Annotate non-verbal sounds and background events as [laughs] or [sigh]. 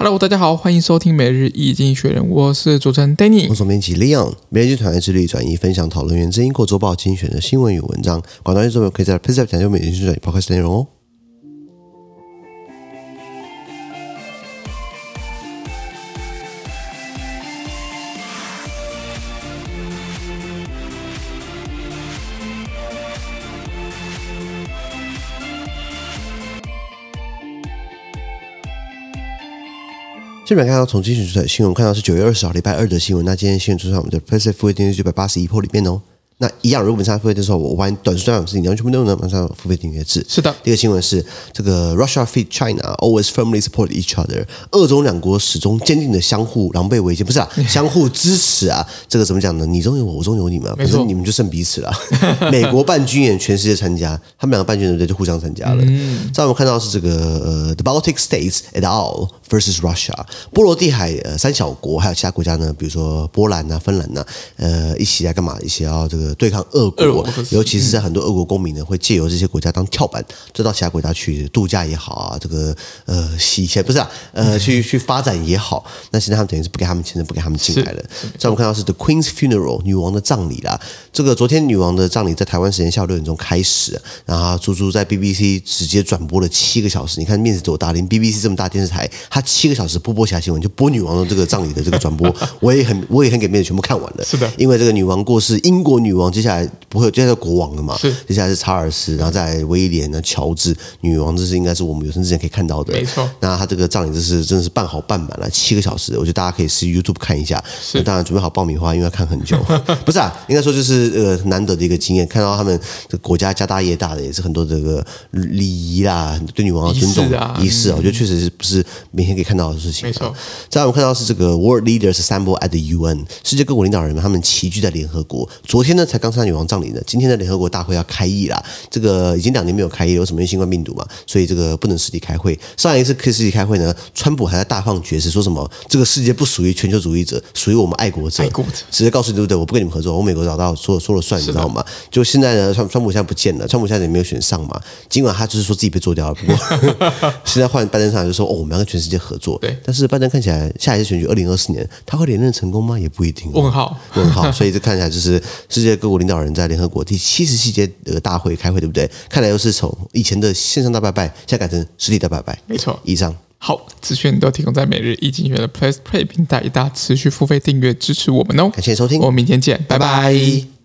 Hello，大家好，歡迎收聽每日一經濟學人，我是主持人 Danny，我是總編輯 Leon，每日一經團隊致力轉譯分享討論源自英國週報精選的新聞與文章，廣大聽眾朋友可以在 PressPlay 群組內聯繫助理，不客氣 d 這邊看到重來的新聞，看到是九月二十號禮拜二的新聞。那今天新聞出在我們的 PressPlay 付費訂閱是九百八十一破裡面哦。那一樣，如果馬上付費的時候，我玩短,短暫時間事情，你完全不能馬上付費訂閱制。是的。第一個新聞是這個 Russia feat. China always firmly support each other。俄中兩國始終堅定的相互狼狽為奸，不是啊，相互支持啊。 [laughs] 這個怎麼講呢？你中有我，我中有你們，反正你們就剩彼此了。錯美國辦軍演，全世界參加，他們兩個辦軍演對對就互相參加了。嗯。再我們看到是這個 the Baltic states et al.。versus Russia，波羅的海、呃、三小國還有其他國家呢，比如說波蘭吶、啊、芬蘭吶、啊，呃，一起來幹嘛？一起要這個對抗俄國，國尤其是在很多俄國公民呢，嗯、會借由這些國家當跳板，再到其他國家去度假也好啊，這個呃，洗錢不是啊，呃，嗯、去去發展也好。那現在他們等於是不給他們簽證，現在不給他們進來了。像是我們看到是 The Queen's Funeral，女王的葬禮啦，這個昨天女王的葬禮在台灣時間下午六點鐘開始，然後足足在 BBC 直接轉播了七個小時。你看面子多大，連 BBC 這麼大電視台。他七個小時不播其他新聞，就播女王的這個葬禮的這個轉播，我也很我也很給面子，全部看完了。是的，因為這個女王過世，英國女王接下來不會有接下來是國王了嘛？是接下來是查爾斯，然後再威廉，呢喬治。女王這是應該是我們有生之年可以看到的，沒錯。那他這個葬禮這是真的是辦好辦滿了，七個小時，我覺得大家可以去 YouTube 看一下。是，當然準備好爆米花，因為要看很久。 [laughs] 不是啊，應該說就是呃難得的一個經驗，看到他們這個國家家大業大的，也是很多這個禮儀啦，對女王的尊重儀式啊，啊嗯、我覺得確實是不是每。可以看到的事情、啊，沒錯再我們看到的是這個 World Leaders Assemble at the UN，、嗯、世界各國領導人們他們齊聚在聯合國。昨天呢，才剛上女王葬禮的，今天在聯合國大會要開議了。這個已經兩年沒有開議有什麼新冠病毒嘛？所以這個不能實地開會。上一次可以實地開會呢，川普還在大放厥詞，說什麼這個世界不屬於全球主義者，屬於我們愛國者。愛國直接告訴你對不對？我不跟你們合作，我美國老大，說說了算，的你知道嗎？就現在呢，川川普現在不見了，川普現在也沒有選上嘛。盡管他就是說自己被做掉了，不過 [laughs] 現在換拜登上來就說哦，我們要跟全世界合作。對，但是拜登看起來下一次選舉二零二四年他會連任成功嗎？也不一定。問號問號，所以這看起來就是世界各國領導人在聯合國第七十七屆的大會開會，對不對？看來又是從以前的線上大拜拜，現在改成實體大拜拜。沒錯錯，以上好資訊都提供在每日一經濟學人的 PressPlay 平台，一大持續付費訂閱支持我們哦。感謝收聽，我們明天見，拜拜。拜拜